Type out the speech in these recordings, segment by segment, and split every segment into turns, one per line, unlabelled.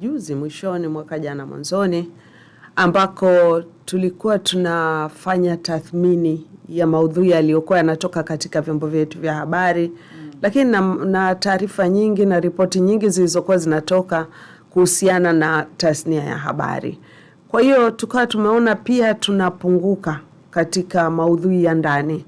Juzi mwishoni mwaka jana mwanzoni, ambako tulikuwa tunafanya tathmini ya maudhui yaliyokuwa yanatoka katika vyombo vyetu vya habari mm. Lakini na, na taarifa nyingi na ripoti nyingi zilizokuwa zinatoka kuhusiana na tasnia ya habari. Kwa hiyo tukawa tumeona pia tunapunguka katika maudhui ya ndani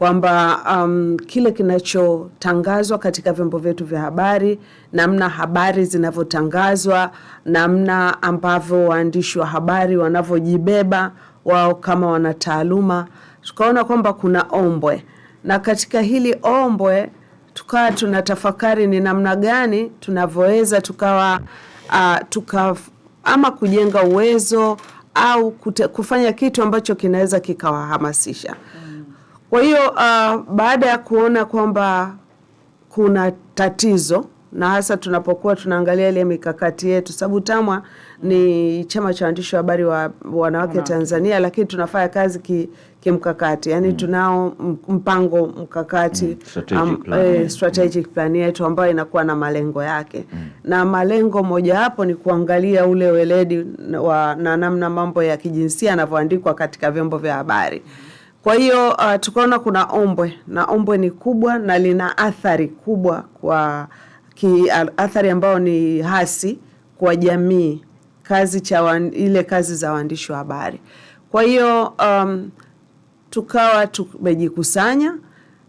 kwamba um, kile kinachotangazwa katika vyombo vyetu vya habari, namna habari zinavyotangazwa, namna ambavyo waandishi wa habari wanavyojibeba wao kama wanataaluma, tukaona kwamba kuna ombwe, na katika hili ombwe tukawa tunatafakari ni namna gani tunavyoweza tukawa uh, tuka ama kujenga uwezo au kute, kufanya kitu ambacho kinaweza kikawahamasisha mm. Kwa hiyo uh, baada ya kuona kwamba kuna tatizo na hasa tunapokuwa tunaangalia ile mikakati yetu, sababu TAMWA ni chama cha waandishi wa habari wa wanawake Tanzania, lakini tunafanya kazi ki, kimkakati yani mm. tunao mpango mkakati mm.
strategic, um, plan. Eh, mm.
strategic mm. plan yetu ambayo inakuwa na malengo yake mm. na malengo mojawapo ni kuangalia ule weledi wa, na namna mambo ya kijinsia yanavyoandikwa katika vyombo vya habari mm. Kwa hiyo uh, tukaona kuna ombwe na ombwe ni kubwa na lina athari kubwa kwa ki, athari ambayo ni hasi kwa jamii kazi cha wan, ile kazi za waandishi wa habari. Kwa hiyo um, tukawa tumejikusanya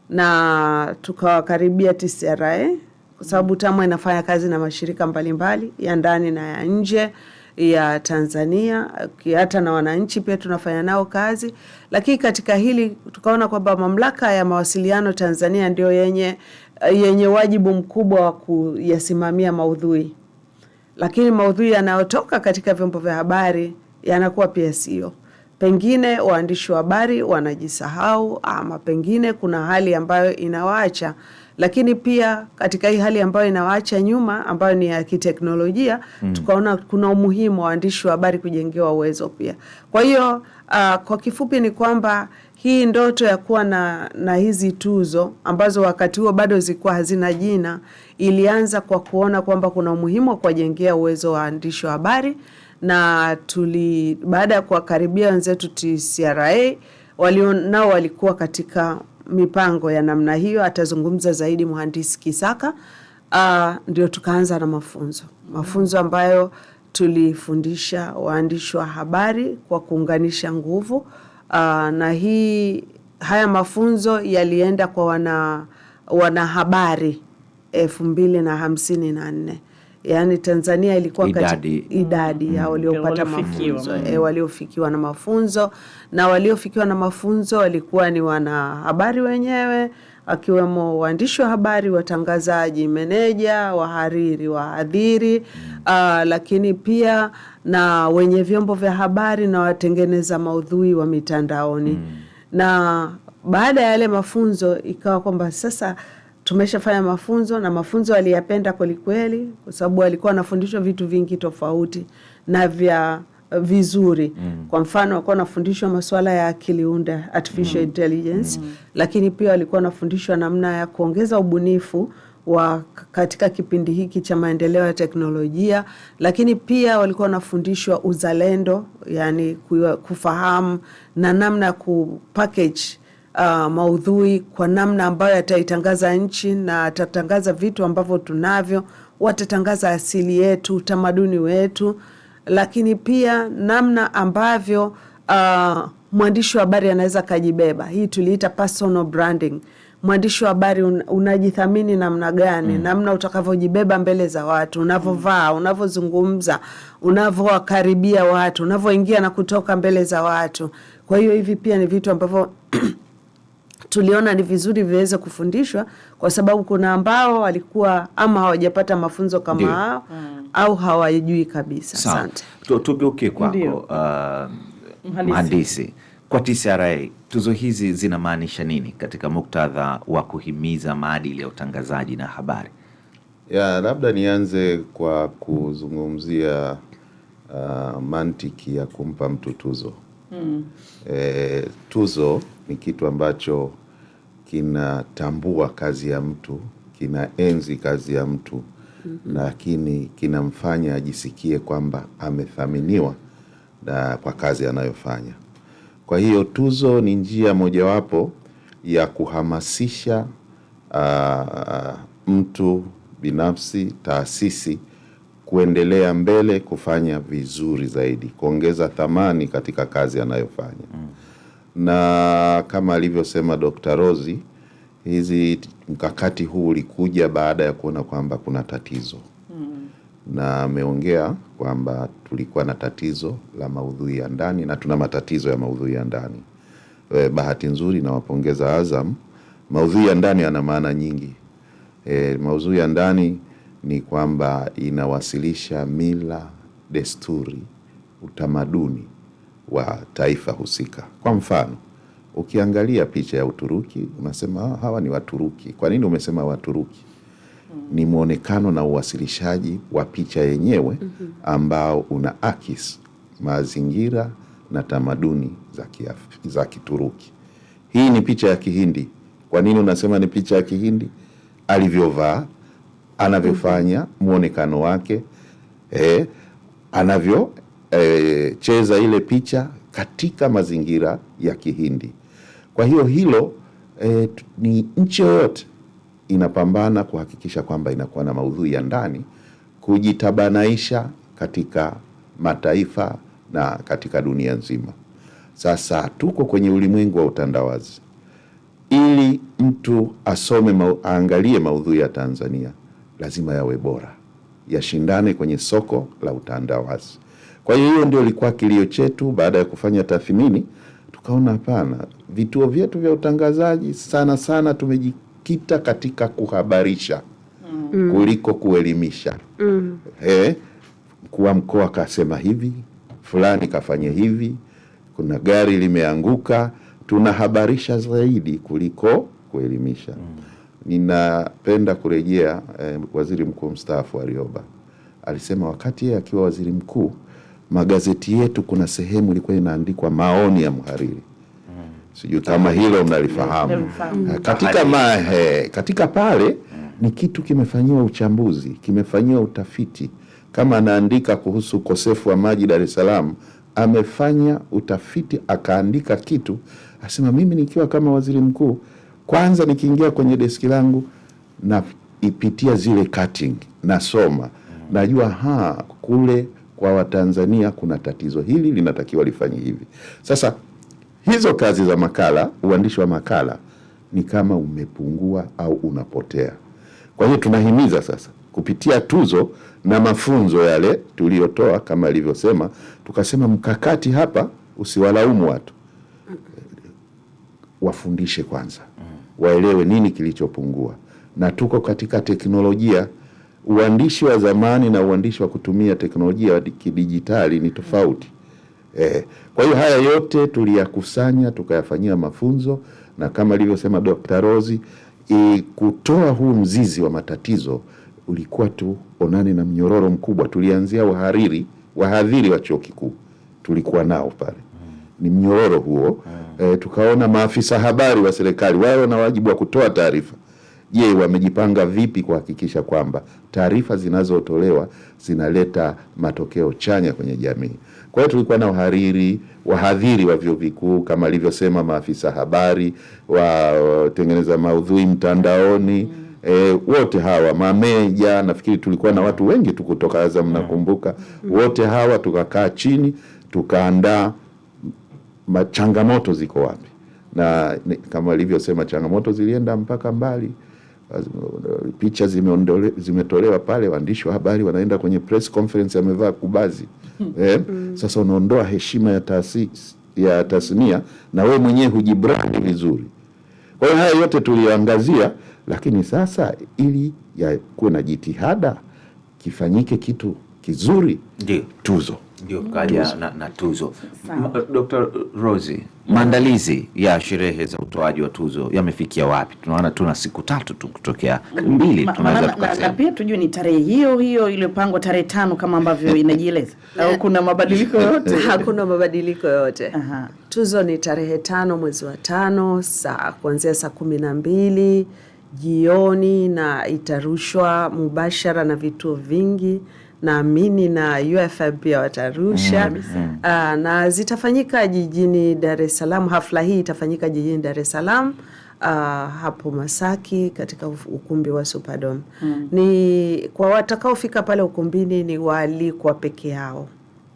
na tukawakaribia TCRA kwa sababu TAMWA inafanya kazi na mashirika mbalimbali ya ndani na ya nje ya Tanzania, hata na wananchi pia tunafanya nao kazi, lakini katika hili tukaona kwamba mamlaka ya mawasiliano Tanzania ndio yenye, yenye wajibu mkubwa wa kuyasimamia maudhui, lakini maudhui yanayotoka katika vyombo vya habari yanakuwa pia sio pengine waandishi wa habari wanajisahau ama pengine kuna hali ambayo inawaacha lakini pia katika hii hali ambayo inawaacha nyuma ambayo ni ya kiteknolojia mm. tukaona kuna umuhimu wa waandishi wa habari kujengewa uwezo pia. Kwa hiyo uh, kwa kifupi ni kwamba hii ndoto ya kuwa na, na hizi tuzo ambazo wakati huo bado zilikuwa hazina jina ilianza kwa kuona kwamba kuna umuhimu wa kuwajengea uwezo wa waandishi wa habari, na tuli baada ya kuwakaribia wenzetu TCRA walio nao walikuwa katika mipango ya namna hiyo. Atazungumza zaidi mhandisi Kisaka. Uh, ndio tukaanza na mafunzo mafunzo ambayo tulifundisha waandishi wa habari kwa kuunganisha nguvu uh, na hii haya mafunzo yalienda kwa wana wanahabari elfu mbili na hamsini na nne yaani Tanzania ilikuwa idadi, idadi ya mm. waliopata mafunzo e, waliofikiwa na mafunzo na waliofikiwa na mafunzo walikuwa ni wanahabari wenyewe akiwemo waandishi wa habari, watangazaji, meneja, wahariri, wahadhiri uh, lakini pia na wenye vyombo vya habari na watengeneza maudhui wa mitandaoni mm. na baada ya yale mafunzo ikawa kwamba sasa tumeshafanya mafunzo na mafunzo aliyapenda kwelikweli, kwa sababu alikuwa anafundishwa vitu vingi tofauti na vya uh, vizuri mm. Kwa mfano alikuwa anafundishwa masuala ya akili unde artificial mm. intelligence mm. Lakini pia alikuwa anafundishwa namna ya kuongeza ubunifu wa katika kipindi hiki cha maendeleo ya teknolojia, lakini pia walikuwa wanafundishwa uzalendo, yani kufahamu na namna ya kupackage uh, maudhui kwa namna ambayo yataitangaza nchi na atatangaza vitu ambavyo tunavyo, watatangaza asili yetu, utamaduni wetu, lakini pia namna ambavyo uh, mwandishi wa habari anaweza akajibeba. Hii tuliita personal branding. Mwandishi wa habari un, unajithamini namna gani? mm. namna utakavyojibeba mbele za watu, unavyovaa, unavyozungumza, unavyowakaribia watu, unavyoingia na kutoka mbele za watu. Kwa hiyo hivi pia ni vitu ambavyo tuliona ni vizuri viweze kufundishwa kwa sababu kuna ambao walikuwa ama hawajapata mafunzo kama hao mm. au hawajui kabisa.
Asante. Tugeuke kwako uh, mhandisi, kwa TCRA tuzo hizi zinamaanisha nini katika muktadha wa kuhimiza maadili ya utangazaji na habari?
Ya, labda nianze kwa kuzungumzia uh, mantiki ya kumpa mtu tuzo Hmm. E, tuzo ni kitu ambacho kinatambua kazi ya mtu, kinaenzi kazi ya mtu mm -hmm. Lakini kinamfanya ajisikie kwamba amethaminiwa na kwa kazi anayofanya. Kwa hiyo tuzo ni njia mojawapo ya kuhamasisha uh, mtu binafsi, taasisi kuendelea mbele, kufanya vizuri zaidi, kuongeza thamani katika kazi anayofanya na kama alivyosema Dr. Rozi, hizi mkakati huu ulikuja baada ya kuona kwamba kuna tatizo mm. na ameongea kwamba tulikuwa na tatizo la maudhui ya ndani na tuna matatizo ya maudhui ya ndani. E, bahati nzuri nawapongeza Azam. Maudhui ya ndani yana maana nyingi. E, maudhui ya ndani ni kwamba inawasilisha mila, desturi, utamaduni wa taifa husika. Kwa mfano, ukiangalia picha ya Uturuki unasema ah, hawa ni Waturuki. Kwa nini umesema Waturuki? Mm. Ni mwonekano na uwasilishaji wa picha yenyewe mm-hmm. ambao una akis mazingira na tamaduni za, za Kituruki. Hii ni picha ya Kihindi. Kwa nini unasema ni picha ya Kihindi? Alivyovaa, anavyofanya, mm-hmm. mwonekano wake eh, anavyo e, cheza ile picha katika mazingira ya Kihindi. Kwa hiyo hilo e, ni nchi yoyote inapambana kuhakikisha kwamba inakuwa na maudhui ya ndani kujitabanaisha katika mataifa na katika dunia nzima. Sasa tuko kwenye ulimwengu wa utandawazi. Ili mtu asome ma, aangalie maudhui ya Tanzania lazima yawe bora, yashindane kwenye soko la utandawazi. Kwa hiyo hiyo ndio ilikuwa kilio chetu. Baada ya kufanya tathmini, tukaona hapana, vituo vyetu vya utangazaji sana sana tumejikita katika kuhabarisha mm. kuliko kuelimisha mm. Eh, kuwa mkoa kasema hivi, fulani kafanye hivi, kuna gari limeanguka. Tunahabarisha zaidi kuliko kuelimisha mm. Ninapenda kurejea eh, waziri mkuu mstaafu Warioba alisema wakati yeye akiwa waziri mkuu magazeti yetu kuna sehemu ilikuwa inaandikwa maoni ya mhariri mm. Sijui kama hilo mnalifahamu mm. Katika, mahe, eh, katika pale mm. Ni kitu kimefanyiwa uchambuzi, kimefanyiwa utafiti. Kama anaandika kuhusu ukosefu wa maji Dar es Salaam, amefanya utafiti akaandika kitu, asema mimi nikiwa kama waziri mkuu, kwanza nikiingia kwenye deski langu na ipitia zile cutting, nasoma najua ha kule kwa Watanzania kuna tatizo hili, linatakiwa lifanye hivi. Sasa hizo kazi za makala, uandishi wa makala ni kama umepungua au unapotea. Kwa hiyo tunahimiza sasa kupitia tuzo na mafunzo yale tuliyotoa, kama alivyosema, tukasema mkakati hapa usiwalaumu watu, wafundishe kwanza, mm. waelewe nini kilichopungua, na tuko katika teknolojia uandishi wa zamani na uandishi wa kutumia teknolojia ya kidijitali ni tofauti. Eh, kwa hiyo haya yote tuliyakusanya tukayafanyia mafunzo, na kama alivyosema Dr. Rozi e, kutoa huu mzizi wa matatizo ulikuwa tuonane na mnyororo mkubwa. Tulianzia wahariri, wahadhiri wa chuo kikuu tulikuwa nao pale, ni mnyororo huo. E, tukaona maafisa habari wa serikali wawe na wajibu wa kutoa taarifa Je, wamejipanga vipi kuhakikisha kwamba taarifa zinazotolewa zinaleta matokeo chanya kwenye jamii? Kwa hiyo tulikuwa na wahariri, wahadhiri wa vyuo vikuu kama alivyosema maafisa habari, watengeneza maudhui mtandaoni mm. E, wote hawa mameja, nafikiri tulikuwa na watu wengi tu kutoka Azam, mm. nakumbuka mm. wote hawa tukakaa chini tukaandaa changamoto ziko wapi, na kama alivyosema changamoto zilienda mpaka mbali picha zimetolewa pale, waandishi wa habari wanaenda kwenye press conference amevaa kubazi hmm. eh? Hmm. Sasa unaondoa heshima ya taasisi ya tasnia na we mwenyewe hujibrandi vizuri. Kwa hiyo haya yote tuliyoangazia, lakini sasa ili ya kuwe na jitihada kifanyike kitu kizuri,
ndio tuzo ndio kaja na, na tuzo. Dr. Rose, maandalizi ya sherehe za utoaji wa tuzo yamefikia wapi? Tunaona tuna siku tatu tu kutokea mbili,
tunaweza tukasema na pia tujue ni tarehe hiyo hiyo iliyopangwa tarehe tano kama ambavyo inajieleza au kuna mabadiliko yote
Hakuna mabadiliko yoyote. Tuzo ni tarehe tano mwezi wa tano saa kuanzia saa kumi na mbili jioni na itarushwa mubashara na vituo vingi naamini na UFM pia watarusha mm, uh, na zitafanyika jijini Dar es Salaam. Hafla hii itafanyika jijini Dar es Salaam. Uh, hapo Masaki katika ukumbi wa Superdome mm. Ni kwa watakaofika pale ukumbini ni waalikwa peke yao,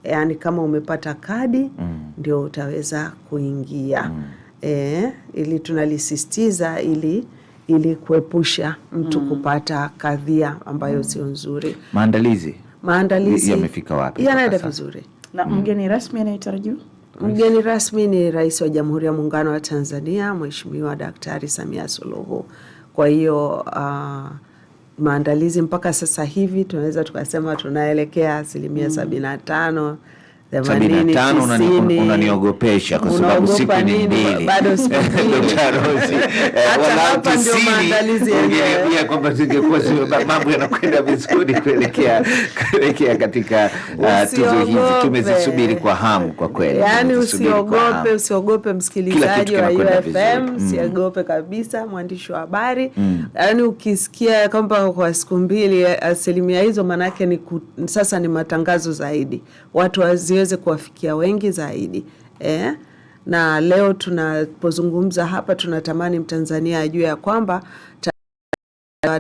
yaani kama umepata kadi mm. ndio utaweza kuingia mm. E, ili tunalisisitiza ili ili kuepusha mtu mm. kupata kadhia ambayo mm. sio nzuri.
Maandalizi
maandalizi
yamefika wapi?
Yanaenda vizuri.
Na mm. mgeni rasmi anayetarajiwa
Mgeni rasmi ni Rais wa Jamhuri ya Muungano wa Tanzania Mheshimiwa Daktari Samia Suluhu. Kwa hiyo uh, maandalizi mpaka sasa hivi tunaweza tukasema tunaelekea asilimia mm. sabini na tano
themanini, Unaniogopesha kwa sababu siku ni mbili bado eh, kwamba zingekuwa mambo yanakwenda vizuri kuelekea kuelekea katika uh, tuzo hizi tumezisubiri kwa hamu kwa kweli.
Yani usiogope, usiogope msikilizaji wa UFM, mm. usiogope kabisa, mwandishi wa habari mm. Yani ukisikia kwamba kwa siku mbili eh, asilimia hizo, maanake ni sasa ni matangazo zaidi, watu waziwe ziweze kuwafikia wengi zaidi eh? Na leo tunapozungumza hapa tunatamani Mtanzania ajue ya kwamba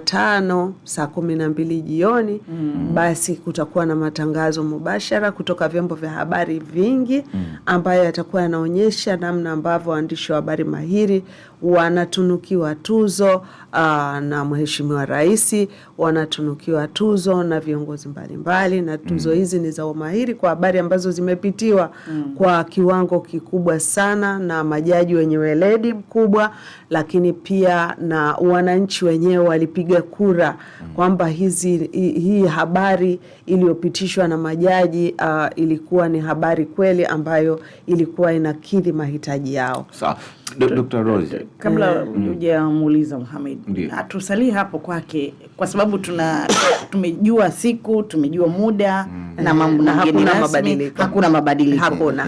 tano saa kumi na mbili jioni mm. Basi kutakuwa na matangazo mubashara kutoka vyombo vya habari vingi mm. ambayo yatakuwa yanaonyesha namna ambavyo waandishi wa habari mahiri wanatunukiwa tuzo uh, na Mheshimiwa Rais, wanatunukiwa tuzo na viongozi mbalimbali mbali, na tuzo mm. hizi ni za umahiri kwa habari ambazo zimepitiwa mm. kwa kiwango kikubwa sana na majaji wenye weledi mkubwa, lakini pia na wananchi wenyewe walipiga kura mm. kwamba hizi hii habari iliyopitishwa na majaji uh, ilikuwa ni habari kweli ambayo ilikuwa inakidhi mahitaji yao.
Sa Dr. Rose, eh,
kabla mm. Mm. hujamuuliza Muhammad, hatusalii hapo kwake kwa sababu tuna tumejua siku tumejua muda mm. na mambo eh, na hakuna mabadiliko. Hakuna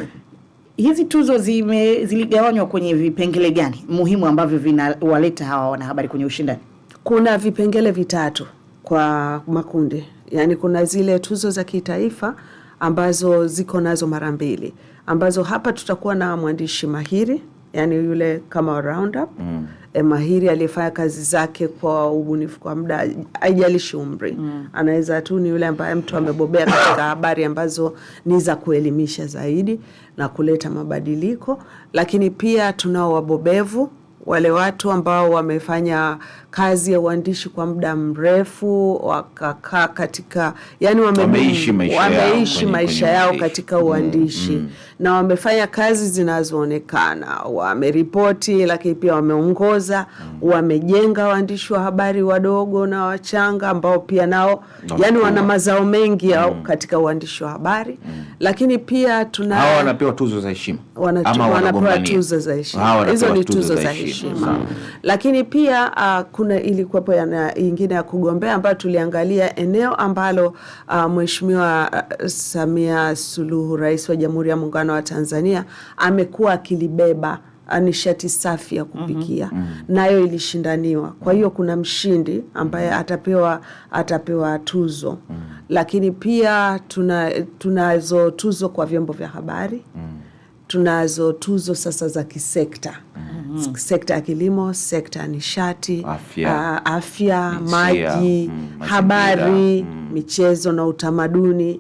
hizi tuzo zime ziligawanywa kwenye vipengele gani muhimu ambavyo vinawaleta hawa wanahabari kwenye ushindani?
Kuna vipengele vitatu kwa makundi, yaani kuna zile tuzo za kitaifa ambazo ziko nazo mara mbili, ambazo hapa tutakuwa na mwandishi mahiri yani yule kama roundup mm. E, mahiri aliyefanya kazi zake kwa ubunifu kwa muda haijalishi umri mm. Anaweza tu ni yule ambaye mtu amebobea katika habari ambazo ni za kuelimisha zaidi na kuleta mabadiliko, lakini pia tunao wabobevu wale watu ambao wamefanya kazi ya uandishi kwa muda mrefu wakakaa katika yani
wame, wameishi
maisha, wameishi yao, maisha yao katika mm, uandishi mm, mm. na wamefanya kazi zinazoonekana, wameripoti, lakini pia wameongoza mm. wamejenga waandishi wa habari wadogo na wachanga ambao pia nao na yani wana mazao mengi yao mm. katika uandishi wa habari mm. lakini pia tuna
hawa wanapewa tuzo za heshima
wanapewa tuzo za heshima, hizo ni tuzo za heshima heshima. Mm-hmm. Lakini pia uh, kuna ilikuwepo ingine ya kugombea ambayo tuliangalia eneo ambalo uh, Mheshimiwa uh, Samia Suluhu, Rais wa Jamhuri ya Muungano wa Tanzania amekuwa akilibeba uh, nishati safi ya kupikia mm -hmm. nayo ilishindaniwa, kwa hiyo kuna mshindi ambaye mm-hmm. atapewa atapewa tuzo mm -hmm. Lakini pia tuna tunazo tuzo kwa vyombo vya habari mm -hmm. tunazo tuzo sasa za kisekta mm -hmm mm. sekta ya kilimo, sekta ya nishati,
afya,
uh, afya maji, mm, habari mm. michezo na utamaduni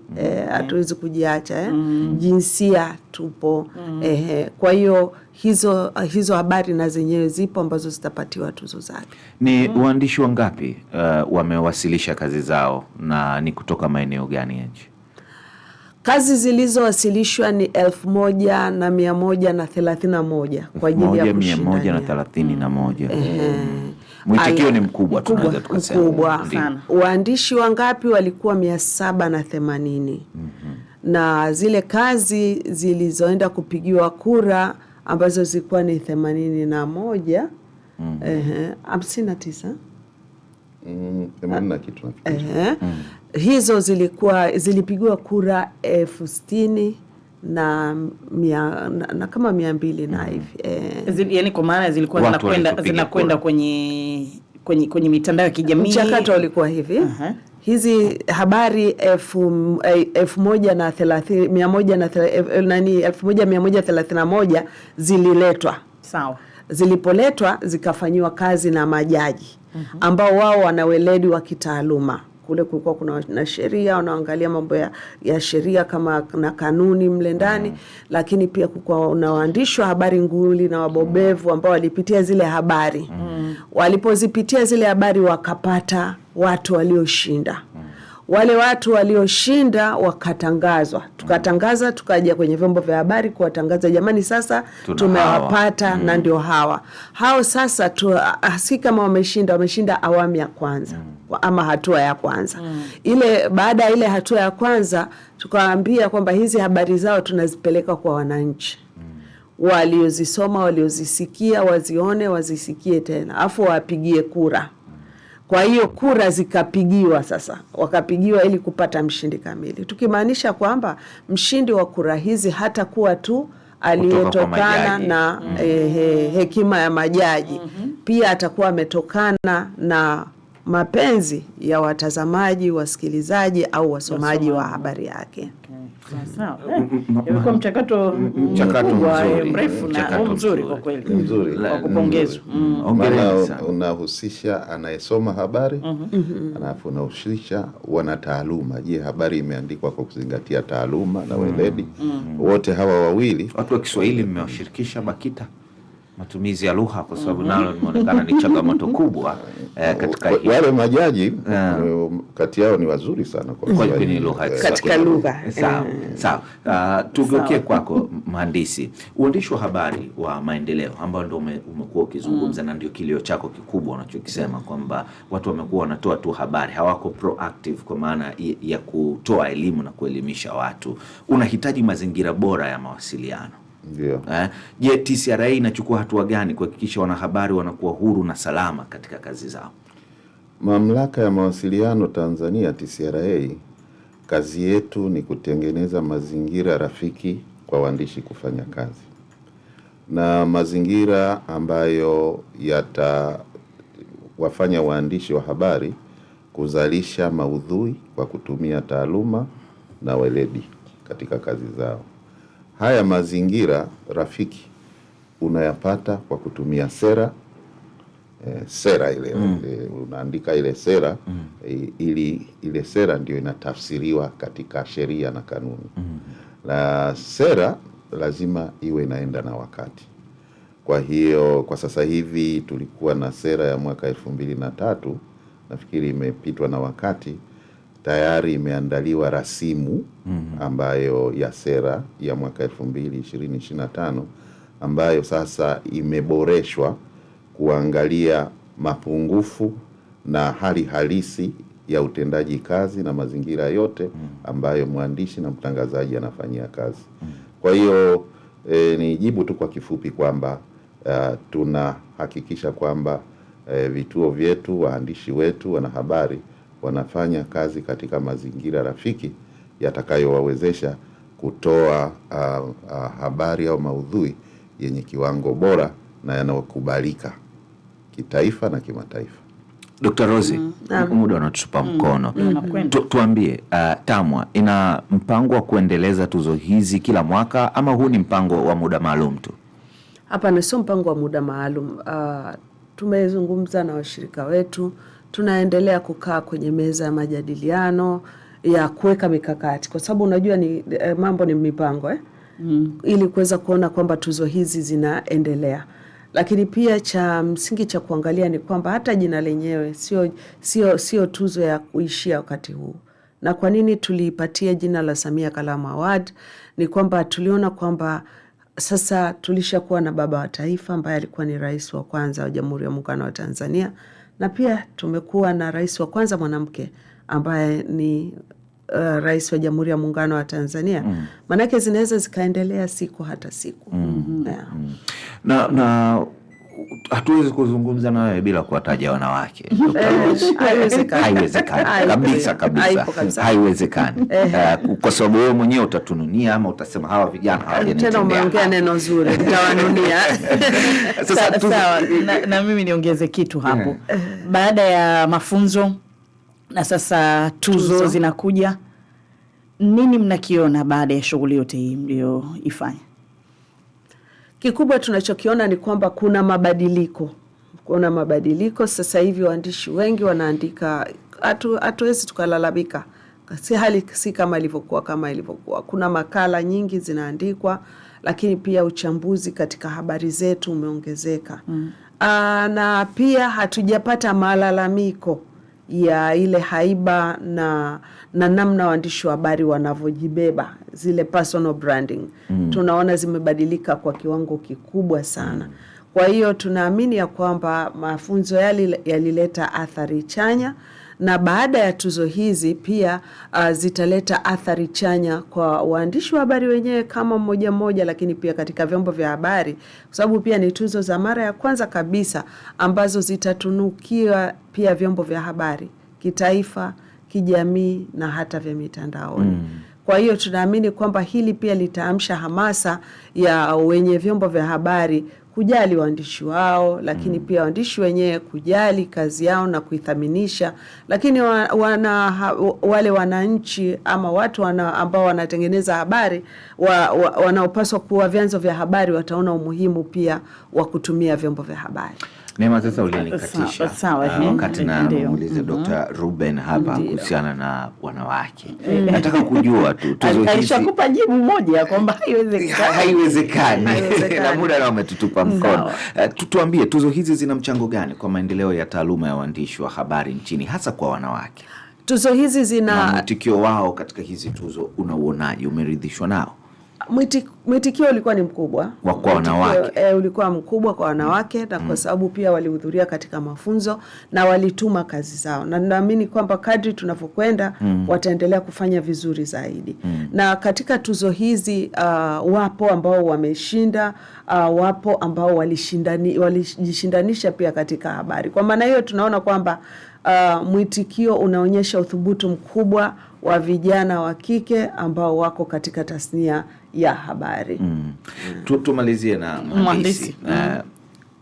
hatuwezi mm. eh, kujiacha eh. mm. jinsia tupo mm. eh, kwa hiyo hizo hizo habari na zenyewe zipo ambazo zitapatiwa tuzo zake.
Ni mm. waandishi wangapi uh, wamewasilisha kazi zao na ni kutoka maeneo gani ya nchi?
Kazi zilizowasilishwa ni elfu moja na mia moja na thelathini na moja
kwa ajili ya kushindania. Mm. Mwitikio ni mkubwa,
tunaweza tukasema mkubwa. Waandishi wangapi walikuwa mia saba na themanini mm -hmm. na zile kazi zilizoenda kupigiwa kura ambazo zilikuwa ni themanini na moja mhm. hamsini na tisa mm, hizo zilikuwa zilipigiwa kura elfu sitini na, mia, na, na kama mia mbili na mm-hmm.
hivi eh. yani kwa maana zilikuwa zinakwenda zinakwenda kwenye kwenye kwenye mitandao ya kijamii
mchakato ulikuwa hivi. uh -huh. Hizi habari elfu, eh, elfu moja na thelathini mia moja na eh, eh, nani elfu moja mia moja thelathini na moja zililetwa sawa zilipoletwa zikafanyiwa kazi na majaji uh mm-hmm. -huh. ambao wao wana weledi wa kitaaluma uh kule kulikuwa kuna na sheria, wanaangalia mambo ya, ya sheria kama na kanuni mle ndani mm. Lakini pia kulikuwa na waandishi wa habari nguli na wabobevu ambao walipitia zile habari mm. Walipozipitia zile habari wakapata watu walioshinda mm wale watu walioshinda wakatangazwa, tukatangaza, tukaja kwenye vyombo vya habari kuwatangaza, jamani, sasa tumewapata na mm. ndio hawa hao sasa tu, ah, si kama wameshinda, wameshinda awamu ya kwanza mm. ama hatua ya kwanza mm. ile. Baada ya ile hatua ya kwanza, tukawaambia kwamba hizi habari zao tunazipeleka kwa wananchi waliozisoma, waliozisikia, wazione, wazisikie tena, afu wapigie kura kwa hiyo kura zikapigiwa sasa, wakapigiwa ili kupata mshindi kamili, tukimaanisha kwamba mshindi wa kura hizi hatakuwa tu aliyetokana na mm -hmm. he, hekima ya majaji mm -hmm. pia atakuwa ametokana na mapenzi ya watazamaji, wasikilizaji au wasomaji wa habari yake.
Sawa, mchakato mrefu na mzuri kwa kweli, mzuri kwa mm-hmm. kupongezwa.
Mm-hmm. Mm-hmm. Unahusisha anayesoma habari alafu unahusisha wanataaluma. Je, habari imeandikwa kwa kuzingatia taaluma na weledi? Wote hawa wawili
watu wa Kiswahili mmewashirikisha BAKITA matumizi ya lugha kwa sababu nalo limeonekana ni changamoto kubwa eh, katika
wale majaji yeah. Eh, kati yao ni wazuri sana
kwa ni lugha
katika lugha
eh. sawa sawa. Uh, tugeukie kwako mhandisi, uandishi wa habari wa maendeleo ambao ndio umekuwa ukizungumza mm. na ndio kilio chako kikubwa unachokisema kwamba watu wamekuwa wanatoa tu habari, hawako proactive kwa maana ya kutoa elimu na kuelimisha watu. Unahitaji mazingira bora ya mawasiliano yeah. Eh, je, TCRA inachukua hatua gani kuhakikisha wanahabari wanakuwa huru na salama katika kazi zao?
Mamlaka ya Mawasiliano Tanzania TCRA, kazi yetu ni kutengeneza mazingira rafiki kwa waandishi kufanya kazi na mazingira ambayo yatawafanya waandishi wa habari kuzalisha maudhui kwa kutumia taaluma na weledi katika kazi zao haya mazingira rafiki unayapata kwa kutumia sera eh, sera ile mm. Eh, unaandika ile sera mm. eh, ili ile sera ndio inatafsiriwa katika sheria na kanuni mm. na sera lazima iwe inaenda na wakati. Kwa hiyo kwa sasa hivi tulikuwa na sera ya mwaka elfu mbili na tatu nafikiri imepitwa na wakati tayari imeandaliwa rasimu mhm. ambayo ya sera ya mwaka 2020-2025 ambayo sasa imeboreshwa kuangalia mapungufu na hali halisi ya utendaji kazi na mazingira yote mhm. ambayo mwandishi na mtangazaji anafanyia kazi. Mhm. Kwa hiyo e, ni jibu tu kwa kifupi kwamba uh, tunahakikisha kwamba e, vituo vyetu, waandishi wetu, wanahabari wanafanya kazi katika mazingira rafiki yatakayowawezesha kutoa uh, uh, habari au maudhui yenye kiwango bora na yanayokubalika kitaifa na kimataifa.
Dkt. Rozi, mm. Mm-hmm. muda unatutupa mm-hmm. mkono mm. Mm. Tu, tuambie uh, TAMWA ina mpango wa kuendeleza tuzo hizi kila mwaka ama huu ni mpango wa muda maalum tu?
Hapana, sio mpango wa muda maalum. Uh, tumezungumza na washirika wetu tunaendelea kukaa kwenye meza ya majadiliano ya kuweka mikakati, kwa sababu unajua ni eh, mambo ni mipango eh? Mm. Ili kuweza kuona kwamba tuzo hizi zinaendelea, lakini pia cha msingi cha kuangalia ni kwamba hata jina lenyewe sio, sio, sio tuzo ya kuishia wakati huu na kwa nini tuliipatia jina la Samia Kalamu Award ni kwamba tuliona kwamba sasa tulishakuwa na baba wa taifa ambaye alikuwa ni rais wa kwanza wa Jamhuri ya Muungano wa Tanzania na pia tumekuwa na rais wa kwanza mwanamke ambaye ni uh, rais wa Jamhuri ya Muungano wa Tanzania mm. zinaweza zikaendelea siku hata siku mm. Yeah.
Mm. na, na hatuwezi kuzungumza na wewe bila kuwataja wanawake. Eh,
haiwezekani
kabisa kabisa, haiwezekani eh. Eh, kwa sababu wewe mwenyewe utatununia ama utasema hawa
vijana hawajanitendea. Umeongea neno zuri, utawanunia.
Sasa sawa, na, na mimi niongeze kitu hapo baada ya mafunzo na sasa tuzo, tuzo zinakuja. Nini mnakiona baada ya shughuli yote hii mliyoifanya?
Kikubwa tunachokiona ni kwamba kuna mabadiliko, kuna mabadiliko. Sasa hivi waandishi wengi wanaandika, hatuwezi tukalalamika, si hali si kama ilivyokuwa, kama ilivyokuwa. Kuna makala nyingi zinaandikwa, lakini pia uchambuzi katika habari zetu umeongezeka mm. Aa, ah, na pia hatujapata malalamiko ya ile haiba na, na namna waandishi wa habari wanavyojibeba zile personal branding mm. Tunaona zimebadilika kwa kiwango kikubwa sana. Kwa hiyo tunaamini ya kwamba mafunzo yale yalileta athari chanya na baada ya tuzo hizi pia uh, zitaleta athari chanya kwa waandishi wa habari wenyewe kama mmoja mmoja, lakini pia katika vyombo vya habari, kwa sababu pia ni tuzo za mara ya kwanza kabisa ambazo zitatunukiwa pia vyombo vya habari kitaifa, kijamii na hata vya mitandaoni mm. Kwa hiyo tunaamini kwamba hili pia litaamsha hamasa ya wenye vyombo vya habari kujali waandishi wao, lakini mm. pia waandishi wenyewe kujali kazi yao na kuithaminisha, lakini wana, wale wananchi ama watu wana, ambao wanatengeneza habari wa, wa, wanaopaswa kuwa vyanzo vya habari wataona umuhimu pia wa kutumia vyombo vya habari.
Neema, sasa ulinikatisha ah, eh? wakati namuuliza mm-hmm. Dr. Ruben hapa kuhusiana na wanawake. Mm. Nataka kujua tu
jibu moja kwamba
haiwezekani na muda nao umetutupa mkono. Eh, tuambie, tuzo hizi zina mchango gani kwa maendeleo ya taaluma ya waandishi wa habari nchini hasa kwa wanawake?
Tuzo hizi zina
mwitikio wao katika hizi tuzo unauonaje? Umeridhishwa nao?
mwitikio ulikuwa ni mkubwa
kwa wanawake
e, ulikuwa mkubwa kwa wanawake na mm. kwa sababu pia walihudhuria katika mafunzo na walituma kazi zao, na naamini kwamba kadri tunavyokwenda mm. wataendelea kufanya vizuri zaidi mm. na katika tuzo hizi uh, wapo ambao wameshinda uh, wapo ambao walishindani, walijishindanisha pia katika habari. Kwa maana hiyo tunaona kwamba Uh, mwitikio unaonyesha uthubutu mkubwa wa vijana wa kike ambao wako katika tasnia ya habari mm.
mm. Tumalizie na mhandisi eh,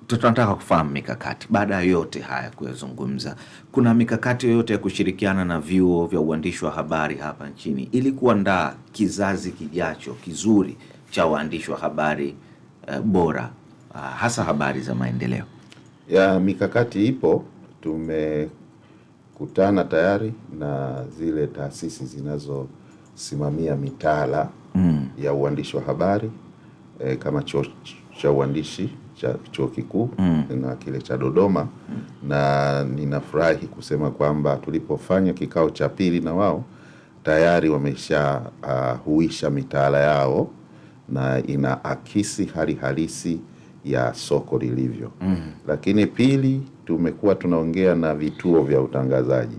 tunataka kufahamu mikakati baada ya yote haya kuyazungumza, kuna mikakati yoyote ya kushirikiana na vyuo vya uandishi wa habari hapa nchini ili kuandaa kizazi kijacho kizuri cha uandishi wa habari uh, bora uh, hasa habari za maendeleo?
Ya mikakati ipo, tumekutana tayari na zile taasisi zinazosimamia mitaala ya uandishi wa habari e, kama chuo cha uandishi cha chuo kikuu mm. na kile cha Dodoma mm. na ninafurahi kusema kwamba tulipofanya kikao cha pili na wao tayari wamesha uh, huisha mitaala yao na ina akisi hali halisi ya soko lilivyo mm. Lakini pili, tumekuwa tunaongea na vituo vya utangazaji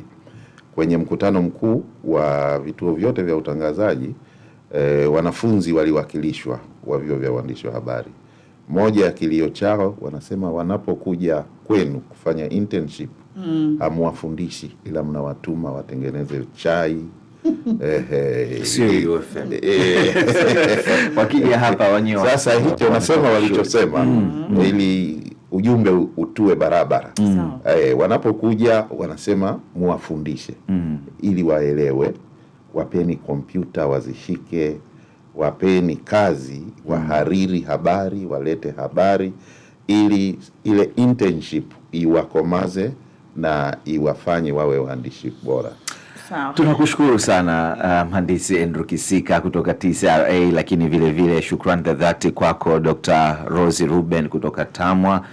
kwenye mkutano mkuu wa vituo vyote vya utangazaji e, wanafunzi waliwakilishwa wa vyuo vya uandishi wa habari. Moja ya kilio chao wanasema, wanapokuja kwenu kufanya internship mm. hamuwafundishi ila mnawatuma watengeneze chai eh, eh.
wakija hapa wenyewe.
Sasa hicho nasema walichosema mm. mm. ili ujumbe utue barabara mm. Eh, wanapokuja wanasema muwafundishe mm. ili waelewe wapeni kompyuta wazishike, wapeni kazi, wahariri habari, walete habari ili ile internship iwakomaze na iwafanye wawe waandishi bora.
Tunakushukuru sana uh, mhandisi um, Andrew Kisika kutoka TCRA, lakini vilevile shukrani za dhati kwako Dr. Rose Ruben kutoka TAMWA.